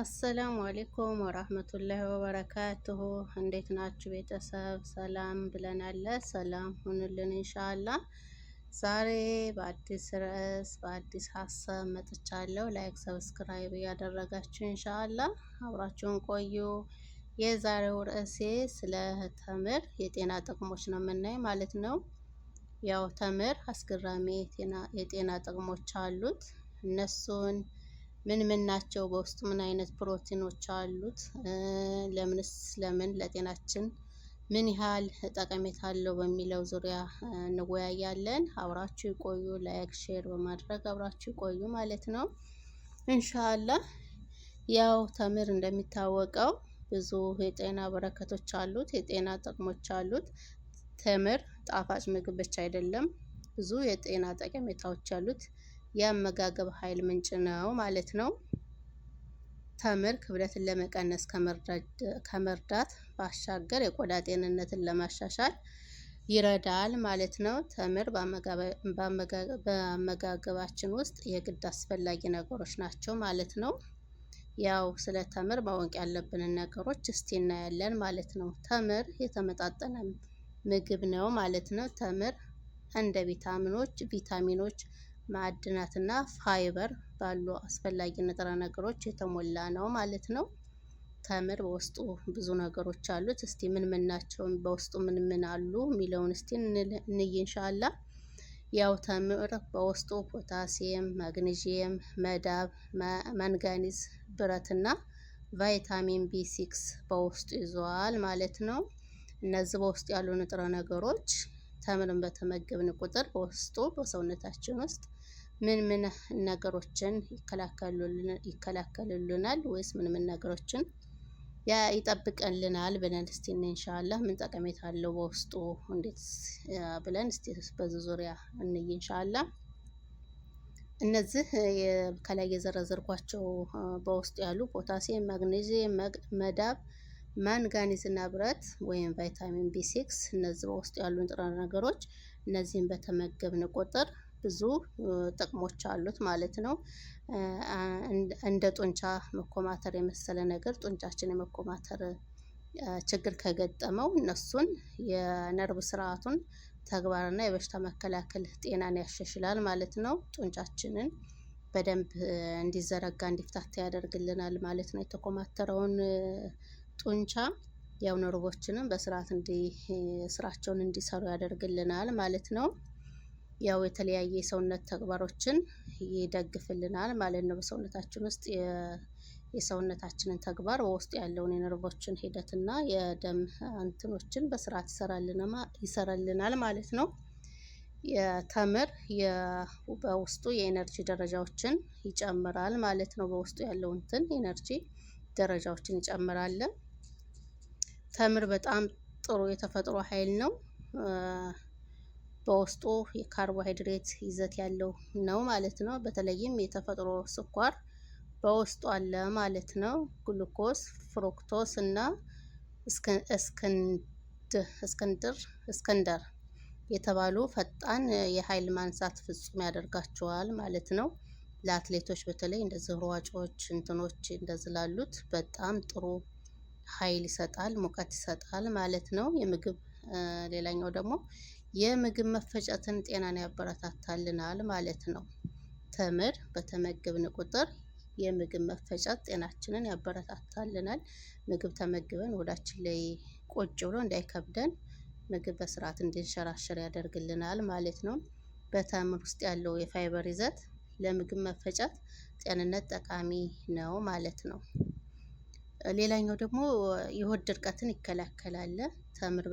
አሰላሙ አሌይኩም ወራህመቱላሂ ወበረካቱሁ። እንዴት ናችሁ ቤተሰብ? ሰላም ብለናል። ሰላም ሁንልን እንሻላ። ዛሬ በአዲስ ርዕስ በአዲስ ሀሳብ መጥቻለሁ። ላይክ ሰብስክራይብ እያደረጋችሁ እንሻላ አብራችሁን ቆዩ። የዛሬው ርዕሴ ስለ ተምር የጤና ጥቅሞች ነው የምናይ ማለት ነው። ያው ተምር አስገራሚ የጤና ጥቅሞች አሉት እነሱን ምን ምን ናቸው፣ በውስጡ ምን አይነት ፕሮቲኖች አሉት፣ ለምንስ ለምን ለጤናችን ምን ያህል ጠቀሜታ አለው በሚለው ዙሪያ እንወያያለን። አብራችሁ ይቆዩ። ላይክ ሼር በማድረግ አብራችሁ ይቆዩ ማለት ነው። እንሻላ ያው ተምር እንደሚታወቀው ብዙ የጤና በረከቶች አሉት፣ የጤና ጥቅሞች አሉት። ተምር ጣፋጭ ምግብ ብቻ አይደለም፣ ብዙ የጤና ጠቀሜታዎች አሉት። የአመጋገብ ኃይል ምንጭ ነው ማለት ነው። ተምር ክብደትን ለመቀነስ ከመርዳት ባሻገር የቆዳ ጤንነትን ለማሻሻል ይረዳል ማለት ነው። ተምር በአመጋገባችን ውስጥ የግድ አስፈላጊ ነገሮች ናቸው ማለት ነው። ያው ስለ ተምር ማወቅ ያለብንን ነገሮች እስቲ እናያለን ማለት ነው። ተምር የተመጣጠነ ምግብ ነው ማለት ነው። ተምር እንደ ቪታሚኖች ቪታሚኖች ማዕድናትና ፋይበር ባሉ አስፈላጊ ንጥረ ነገሮች የተሞላ ነው ማለት ነው። ተምር በውስጡ ብዙ ነገሮች አሉት። እስቲ ምን ምን ናቸው በውስጡ ምን ምን አሉ የሚለውን እስቲ እንይ እንሻላ። ያው ተምር በውስጡ ፖታሲየም፣ ማግኔዥየም፣ መዳብ፣ ማንጋኒዝ፣ ብረትና ቫይታሚን ቢ ሲክስ በውስጡ ይዟል ማለት ነው። እነዚህ በውስጡ ያሉ ንጥረ ነገሮች ተምርን በተመገብን ቁጥር በውስጡ በሰውነታችን ውስጥ ምን ምን ነገሮችን ይከላከልልናል ወይስ ምን ምን ነገሮችን ይጠብቅልናል ብለን እስቲ እንሻላ ምን ጠቀሜታ አለው በውስጡ እንዴት ብለን እስቲ በዚህ ዙሪያ እንይ እንሻላ። እነዚህ ከላይ የዘረዘርኳቸው በውስጡ ያሉ ፖታሲየም፣ ማግኔዚየም፣ መዳብ፣ ማንጋኒዝ እና ብረት ወይም ቫይታሚን ቢ ሲክስ እነዚህ በውስጡ ያሉ ንጥረ ነገሮች እነዚህን በተመገብን ቁጥር ብዙ ጥቅሞች አሉት ማለት ነው። እንደ ጡንቻ መኮማተር የመሰለ ነገር ጡንቻችን የመኮማተር ችግር ከገጠመው እነሱን የነርቭ ስርዓቱን ተግባርና የበሽታ መከላከል ጤናን ያሻሽላል ማለት ነው። ጡንቻችንን በደንብ እንዲዘረጋ እንዲፍታታ ያደርግልናል ማለት ነው። የተኮማተረውን ጡንቻ ያው ነርቮችንም በስርዓት እንዲ ስራቸውን እንዲሰሩ ያደርግልናል ማለት ነው። ያው የተለያየ የሰውነት ተግባሮችን ይደግፍልናል ማለት ነው። በሰውነታችን ውስጥ የሰውነታችንን ተግባር በውስጡ ያለውን የነርቮችን ሂደትና የደም እንትኖችን በስርዓት ይሰራልናል ማለት ነው። የተምር በውስጡ የኤነርጂ ደረጃዎችን ይጨምራል ማለት ነው። በውስጡ ያለውን እንትን ኤነርጂ ደረጃዎችን ይጨምራለን። ተምር በጣም ጥሩ የተፈጥሮ ኃይል ነው። በውስጡ የካርቦሃይድሬት ይዘት ያለው ነው ማለት ነው። በተለይም የተፈጥሮ ስኳር በውስጡ አለ ማለት ነው። ግሉኮስ፣ ፍሩክቶስ እና እስክንድር እስክንደር የተባሉ ፈጣን የኃይል ማንሳት ፍጹም ያደርጋቸዋል ማለት ነው። ለአትሌቶች በተለይ እንደዚህ ሯጮች እንትኖች እንደዚህ ላሉት በጣም ጥሩ ኃይል ይሰጣል፣ ሙቀት ይሰጣል ማለት ነው። የምግብ ሌላኛው ደግሞ የምግብ መፈጨትን ጤናን ያበረታታልናል ማለት ነው። ተምር በተመገብን ቁጥር የምግብ መፈጨት ጤናችንን ያበረታታልናል። ምግብ ተመግበን ወዳችን ላይ ቁጭ ብሎ እንዳይከብደን ምግብ በስርዓት እንድንሸራሸር ያደርግልናል ማለት ነው። በተምር ውስጥ ያለው የፋይበር ይዘት ለምግብ መፈጨት ጤንነት ጠቃሚ ነው ማለት ነው። ሌላኛው ደግሞ የሆድ ድርቀትን ይከላከላል። ተምር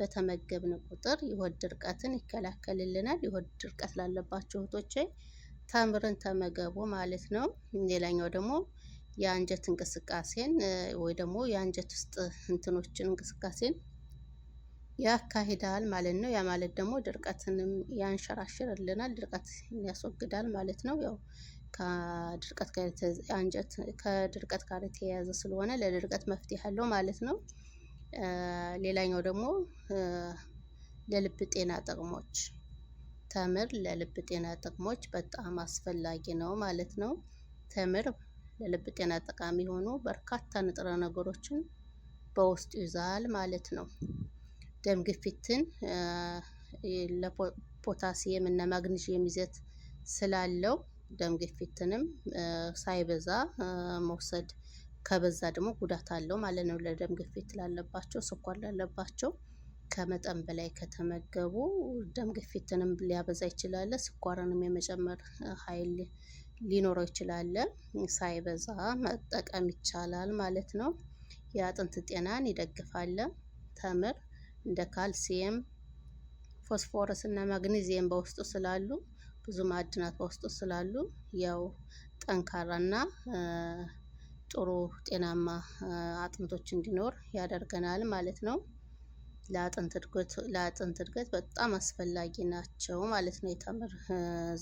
በተመገብን ቁጥር የሆድ ድርቀትን ይከላከልልናል። የሆድ ድርቀት ላለባቸው እህቶቼ ተምርን ተመገቡ ማለት ነው። ሌላኛው ደግሞ የአንጀት እንቅስቃሴን ወይ ደግሞ የአንጀት ውስጥ እንትኖችን እንቅስቃሴን ያካሂዳል ማለት ነው። ያ ማለት ደግሞ ድርቀትንም ያንሸራሽርልናል፣ ድርቀት ያስወግዳል ማለት ነው ያው ከድርቀት ጋር አንጀት ከድርቀት ጋር የተያያዘ ስለሆነ ለድርቀት መፍትሄ አለው ማለት ነው። ሌላኛው ደግሞ ለልብ ጤና ጥቅሞች ተምር ለልብ ጤና ጥቅሞች በጣም አስፈላጊ ነው ማለት ነው። ተምር ለልብ ጤና ጠቃሚ የሆኑ በርካታ ንጥረ ነገሮችን በውስጡ ይዛል ማለት ነው። ደም ግፊትን ለፖታሲየም እና ማግኒዥየም ይዘት ስላለው ደም ግፊትንም ሳይበዛ መውሰድ ከበዛ ደግሞ ጉዳት አለው ማለት ነው። ለደም ግፊት ላለባቸው፣ ስኳር ላለባቸው ከመጠን በላይ ከተመገቡ ደም ግፊትንም ሊያበዛ ይችላል። ስኳርንም የመጨመር ኃይል ሊኖረው ይችላል። ሳይበዛ መጠቀም ይቻላል ማለት ነው። የአጥንት ጤናን ይደግፋል። ተምር እንደ ካልሲየም፣ ፎስፎረስ እና ማግኒዚየም በውስጡ ስላሉ ብዙ ማዕድናት በውስጡ ስላሉ ያው ጠንካራና ጥሩ ጤናማ አጥንቶች እንዲኖር ያደርገናል ማለት ነው። ለአጥንት እድገት ለአጥንት እድገት በጣም አስፈላጊ ናቸው ማለት ነው። የተምር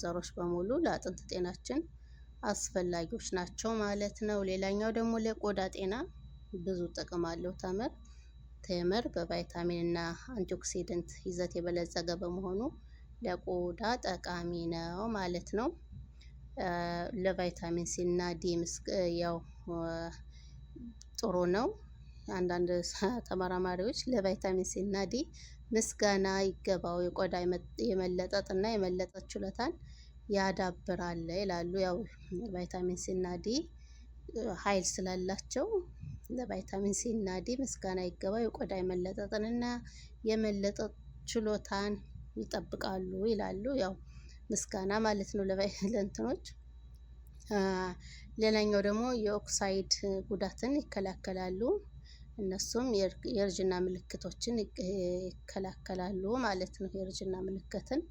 ዘሮች በሙሉ ለአጥንት ጤናችን አስፈላጊዎች ናቸው ማለት ነው። ሌላኛው ደግሞ ለቆዳ ጤና ብዙ ጥቅም አለው ተምር። ተምር በቫይታሚን እና አንቲኦክሲደንት ይዘት የበለጸገ በመሆኑ ለቆዳ ጠቃሚ ነው ማለት ነው። ለቫይታሚን ሲ እና ዲምስ ያው ጥሩ ነው። አንዳንድ ተመራማሪዎች ለቫይታሚን ሲ እና ዲ ምስጋና ይገባው የቆዳ የመለጠጥ እና የመለጠጥ ችሎታን ያዳብራል ይላሉ። ያው ቫይታሚን ሲ እና ዲ ኃይል ስላላቸው ለቫይታሚን ሲ እና ዲ ምስጋና ይገባው የቆዳ የመለጠጥን እና የመለጠጥ ችሎታን ይጠብቃሉ ይላሉ። ያው ምስጋና ማለት ነው ለእንትኖች። ሌላኛው ደግሞ የኦክሳይድ ጉዳትን ይከላከላሉ። እነሱም የእርጅና ምልክቶችን ይከላከላሉ ማለት ነው። የእርጅና ምልክትን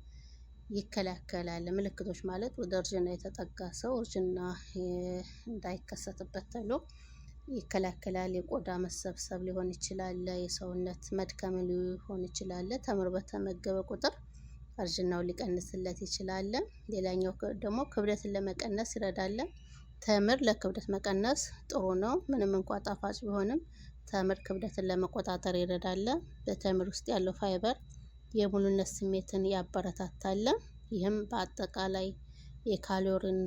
ይከላከላል። ምልክቶች ማለት ወደ እርጅና የተጠጋ ሰው እርጅና እንዳይከሰትበት ተብሎ ይከላከላል። የቆዳ መሰብሰብ ሊሆን ይችላል፣ የሰውነት መድከም ሊሆን ይችላል። ተምር በተመገበ ቁጥር እርጅናው ሊቀንስለት ይችላል። ሌላኛው ደግሞ ክብደትን ለመቀነስ ይረዳል። ተምር ለክብደት መቀነስ ጥሩ ነው። ምንም እንኳ ጣፋጭ ቢሆንም ተምር ክብደትን ለመቆጣጠር ይረዳል። በተምር ውስጥ ያለው ፋይበር የሙሉነት ስሜትን ያበረታታል። ይህም በአጠቃላይ የካሎሪን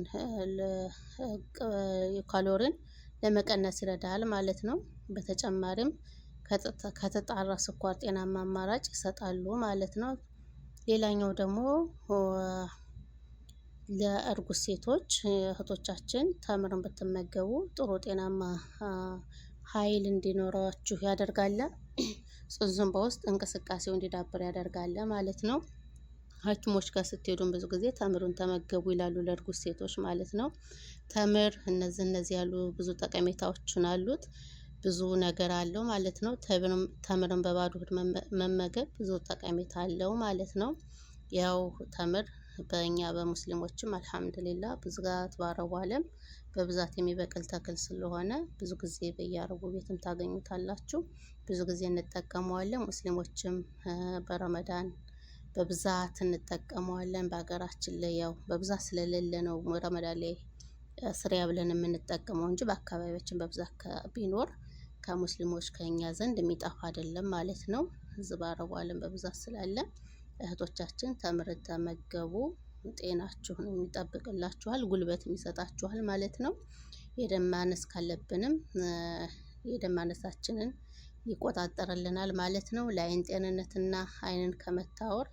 ለመቀነስ ይረዳል ማለት ነው። በተጨማሪም ከተጣራ ስኳር ጤናማ አማራጭ ይሰጣሉ ማለት ነው። ሌላኛው ደግሞ ለእርጉዝ ሴቶች እህቶቻችን ተምርን ብትመገቡ ጥሩ ጤናማ ኃይል እንዲኖራችሁ ያደርጋል። ጽንሱም በውስጥ እንቅስቃሴው እንዲዳብር ያደርጋል ማለት ነው። ሐኪሞች ጋር ስትሄዱን ብዙ ጊዜ ተምሩን ተመገቡ ይላሉ ለእርጉዝ ሴቶች ማለት ነው። ተምር እነዚህ እነዚህ ያሉ ብዙ ጠቀሜታዎችን አሉት ብዙ ነገር አለው ማለት ነው። ተምርን በባዶ ሆድ መመገብ ብዙ ጠቀሜታ አለው ማለት ነው። ያው ተምር በእኛ በሙስሊሞችም አልሐምዱሊላ ብዛት ባረቡ ዓለም በብዛት የሚበቅል ተክል ስለሆነ ብዙ ጊዜ በየአረቡ ቤትም ታገኙታላችሁ። ብዙ ጊዜ እንጠቀመዋለን። ሙስሊሞችም በረመዳን በብዛት እንጠቀመዋለን። በሀገራችን ላይ ያው በብዛት ስለሌለ ነው ረመዳ ላይ ስሪያ ብለን የምንጠቀመው እንጂ በአካባቢያችን በብዛት ቢኖር ከሙስሊሞች ከኛ ዘንድ የሚጠፋ አይደለም ማለት ነው። ህዝብ አረቡ ዓለም በብዛት ስላለ እህቶቻችን ተምርን ተመገቡ። ጤናችሁን የሚጠብቅላችኋል፣ ጉልበት ይሰጣችኋል ማለት ነው። የደም ማነስ ካለብንም የደም ማነሳችንን ይቆጣጠርልናል ማለት ነው። ለአይን ጤንነትና አይንን ከመታወር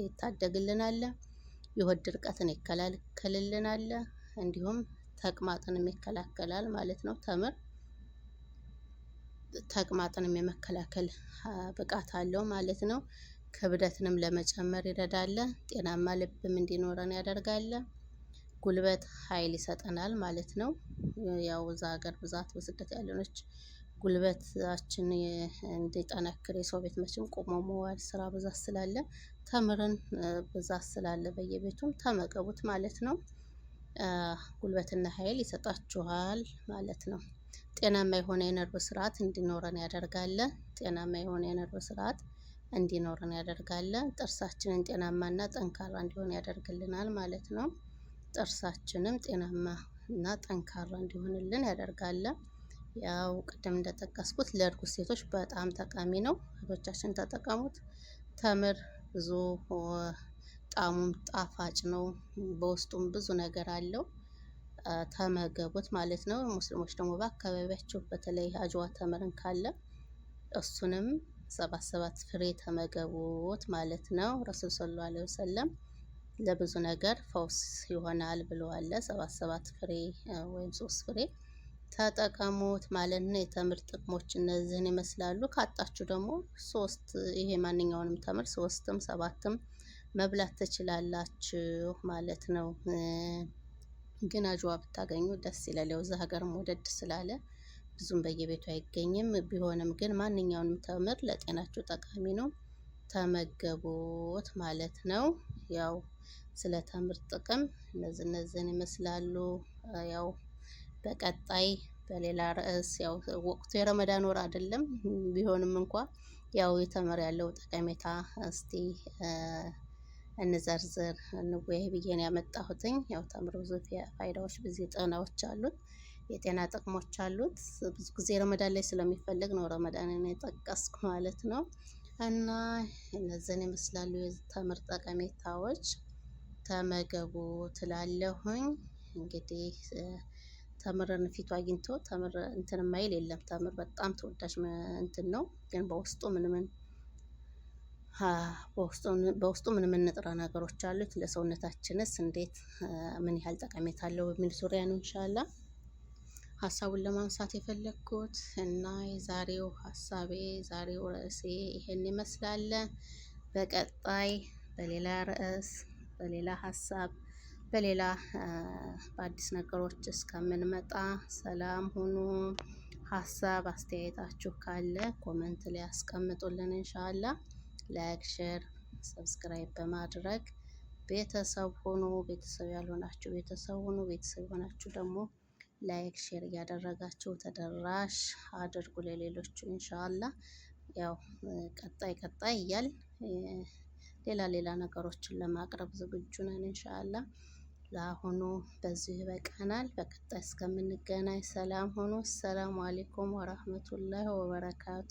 ይታደግልናል። የሆድ ድርቀትን ይከላከልልናል። እንዲሁም ተቅማጥንም ይከላከላል ማለት ነው። ተምር ተቅማጥንም የመከላከል ብቃት አለው ማለት ነው። ክብደትንም ለመጨመር ይረዳል። ጤናማ ልብም እንዲኖረን ያደርጋል። ጉልበት ኃይል ይሰጠናል ማለት ነው። ያው እዛ ሀገር ብዛት በስደት ያለነች ጉልበታችን እንዲጠነክር የሰው ቤት መቼም ቆሞ መዋል ስራ ብዛት ስላለ ተምርን ብዛት ስላለ በየቤቱም ተመገቡት ማለት ነው። ጉልበትና ኃይል ይሰጣችኋል ማለት ነው። ጤናማ የሆነ የነርቭ ስርዓት እንዲኖረን ያደርጋል። ጤናማ የሆነ የነርቭ ስርዓት እንዲኖረን ያደርጋል። ጥርሳችንን ጤናማና ጠንካራ እንዲሆን ያደርግልናል ማለት ነው። ጥርሳችንም ጤናማ እና ጠንካራ እንዲሆንልን ያደርጋል። ያው ቅድም እንደጠቀስኩት ለእርጉዝ ሴቶች በጣም ጠቃሚ ነው። እህቶቻችን ተጠቀሙት። ተምር ብዙ ጣሙም ጣፋጭ ነው፣ በውስጡም ብዙ ነገር አለው። ተመገቡት ማለት ነው። ሙስሊሞች ደግሞ በአካባቢያቸው በተለይ አጅዋ ተምርን ካለ እሱንም ሰባት ሰባት ፍሬ ተመገቡት ማለት ነው። ረሱል ሰለላሁ ዐለይሂ ወሰለም ለብዙ ነገር ፈውስ ይሆናል ብለዋል። ሰባት ሰባት ፍሬ ወይም ሶስት ፍሬ ተጠቀሙት ማለት ነው። የተምር ጥቅሞች እነዚህን ይመስላሉ። ካጣችሁ ደግሞ ሶስት ይሄ ማንኛውንም ተምር ሶስትም ሰባትም መብላት ትችላላችሁ ማለት ነው። ግን አጅዋ ብታገኙ ደስ ይላል። ያው ሀገር ወደድ ስላለ ብዙም በየቤቱ አይገኝም። ቢሆንም ግን ማንኛውንም ተምር ለጤናችሁ ጠቃሚ ነው። ተመገቡት ማለት ነው። ያው ስለ ተምር ጥቅም እነዚህ እነዚህን ይመስላሉ ያው በቀጣይ በሌላ ርዕስ ያው ወቅቱ የረመዳን ወር አይደለም ቢሆንም እንኳ ያው የተምር ያለው ጠቀሜታ እስቲ እንዘርዝር እንወያይ ብዬን ያመጣሁትኝ። ያው ተምር ብዙ ፋይዳዎች፣ ብዙ ጤናዎች አሉት፣ የጤና ጥቅሞች አሉት። ብዙ ጊዜ ረመዳን ላይ ስለሚፈለግ ነው ረመዳንን የጠቀስኩ ማለት ነው። እና እነዚህን ይመስላሉ የተምር ጠቀሜታዎች። ተመገቡ ትላለሁኝ እንግዲህ ተምርን ፊቱ አግኝቶ ተምር እንትን ማይል የለም። ተምር በጣም ተወዳጅ እንትን ነው፣ ግን በውስጡ ምንምን በውስጡ ምንምን ንጥረ ነገሮች አሉት። ለሰውነታችንስ እንዴት ምን ያህል ጠቀሜታ አለው በሚል ዙሪያ ነው እንሻላ ሀሳቡን ለማንሳት የፈለግኩት እና የዛሬው ሀሳቤ ዛሬው ርዕሴ ይሄን ይመስላል? በቀጣይ በሌላ ርዕስ በሌላ ሀሳብ በሌላ በአዲስ ነገሮች እስከምንመጣ ሰላም ሁኑ። ሀሳብ አስተያየታችሁ ካለ ኮመንት ላይ አስቀምጡልን። እንሻላ ላይክ፣ ሼር፣ ሰብስክራይብ በማድረግ ቤተሰብ ሁኑ። ቤተሰብ ያልሆናችሁ ቤተሰብ ሁኑ። ቤተሰብ የሆናችሁ ደግሞ ላይክ ሼር እያደረጋችሁ ተደራሽ አድርጉ ለሌሎቹ። እንሻላ ያው ቀጣይ ቀጣይ እያል ሌላ ሌላ ነገሮችን ለማቅረብ ዝግጁ ነን። እንሻላ ለአሁኑ በዚሁ ይበቃናል። በቀጣይ እስከምንገናኝ ሰላም ሁኑ። ሰላም አሌይኩም ወራህመቱላህ ወበረካቱ።